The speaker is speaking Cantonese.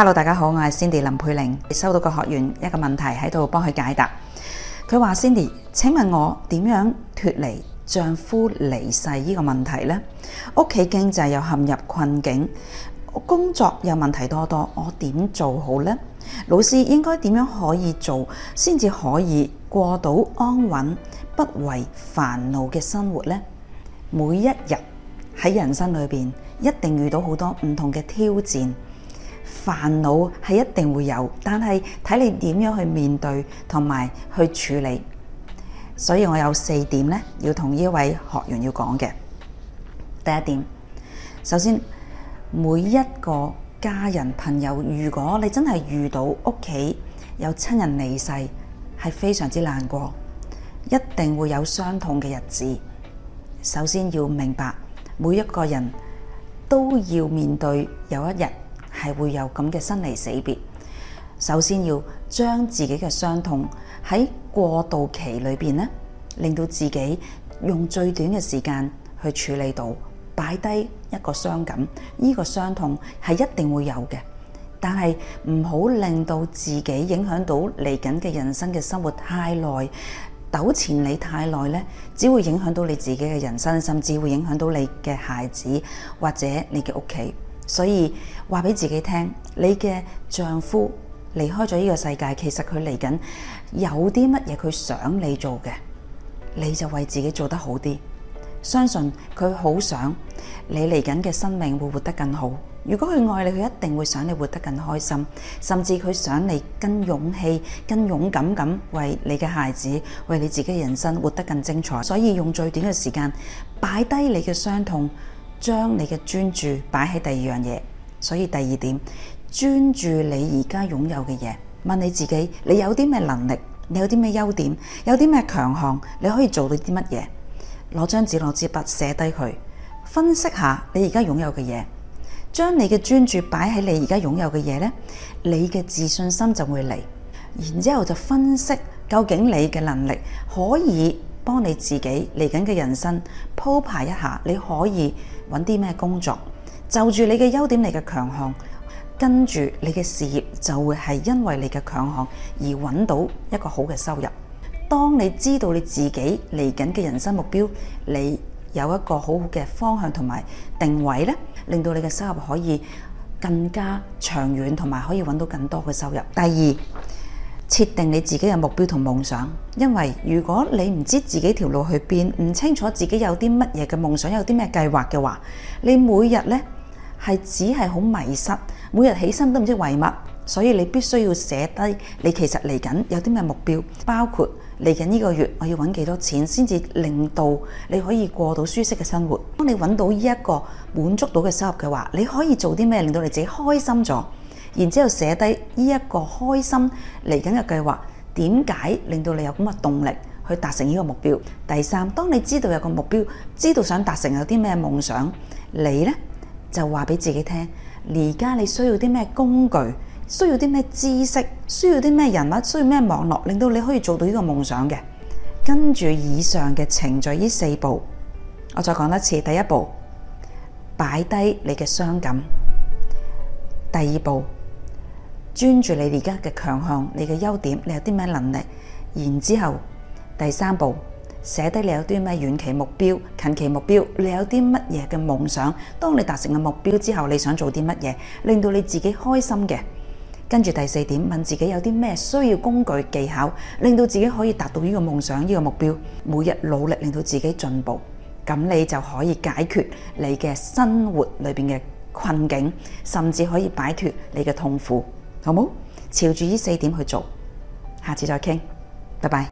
Hello，大家好，我係 Cindy 林佩玲。收到個學員一個問題喺度幫佢解答。佢話 Cindy，請問我點樣脫離丈夫離世呢個問題呢？屋企經濟又陷入困境，工作又問題多多，我點做好呢？老師應該點樣可以做，先至可以過到安穩、不為煩惱嘅生活呢？每一日喺人生裏邊，一定遇到好多唔同嘅挑戰。煩惱係一定會有，但係睇你點樣去面對同埋去處理。所以我有四點咧，要同呢位學員要講嘅。第一點，首先每一個家人朋友，如果你真係遇到屋企有親人離世，係非常之難過，一定會有傷痛嘅日子。首先要明白，每一個人都要面對有一日。係會有咁嘅生離死別，首先要將自己嘅傷痛喺過渡期裏邊咧，令到自己用最短嘅時間去處理到擺低一個傷感。呢個傷痛係一定會有嘅，但係唔好令到自己影響到嚟緊嘅人生嘅生活太耐，糾纏你太耐咧，只會影響到你自己嘅人生，甚至會影響到你嘅孩子或者你嘅屋企。所以話俾自己聽，你嘅丈夫離開咗呢個世界，其實佢嚟緊有啲乜嘢佢想你做嘅？你就為自己做得好啲。相信佢好想你嚟緊嘅生命會活得更好。如果佢愛你，佢一定會想你活得更開心，甚至佢想你跟勇氣、跟勇敢咁，為你嘅孩子、為你自己的人生活得更精彩。所以用最短嘅時間擺低你嘅傷痛。將你嘅專注擺喺第二樣嘢，所以第二點，專注你而家擁有嘅嘢。問你自己，你有啲咩能力？你有啲咩優點？有啲咩強項？你可以做到啲乜嘢？攞張紙，攞支筆，寫低佢，分析下你而家擁有嘅嘢。將你嘅專注擺喺你而家擁有嘅嘢呢，你嘅自信心就會嚟。然之後就分析究竟你嘅能力可以。幫你自己嚟緊嘅人生鋪排一下，你可以揾啲咩工作？就住你嘅優點，你嘅強項，跟住你嘅事業就會係因為你嘅強項而揾到一個好嘅收入。當你知道你自己嚟緊嘅人生目標，你有一個好好嘅方向同埋定位呢，令到你嘅收入可以更加長遠，同埋可以揾到更多嘅收入。第二。設定你自己嘅目標同夢想，因為如果你唔知自己條路去邊，唔清楚自己有啲乜嘢嘅夢想，有啲咩計劃嘅話，你每日呢係只係好迷失，每日起身都唔知為乜，所以你必須要寫低你其實嚟緊有啲咩目標，包括嚟緊呢個月我要搵幾多錢，先至令到你可以過到舒適嘅生活。當你搵到呢一個滿足到嘅收入嘅話，你可以做啲咩令到你自己開心咗？然之後寫低呢一個開心嚟緊嘅計劃，點解令到你有咁嘅動力去達成呢個目標？第三，當你知道有個目標，知道想達成有啲咩夢想，你呢，就話俾自己聽，而家你需要啲咩工具，需要啲咩知識，需要啲咩人物，需要咩網絡，令到你可以做到呢個夢想嘅。跟住以上嘅程序呢四步，我再講一次：第一步，擺低你嘅傷感；第二步，專注你而家嘅強項，你嘅優點，你有啲咩能力？然之後第三步寫低你有啲咩遠期目標、近期目標，你有啲乜嘢嘅夢想？當你達成嘅目標之後，你想做啲乜嘢令到你自己開心嘅？跟住第四點問自己有啲咩需要工具技巧，令到自己可以達到呢個夢想呢個目標，每日努力令到自己進步，咁你就可以解決你嘅生活裏邊嘅困境，甚至可以擺脫你嘅痛苦。好冇？朝住呢四點去做，下次再傾，拜拜。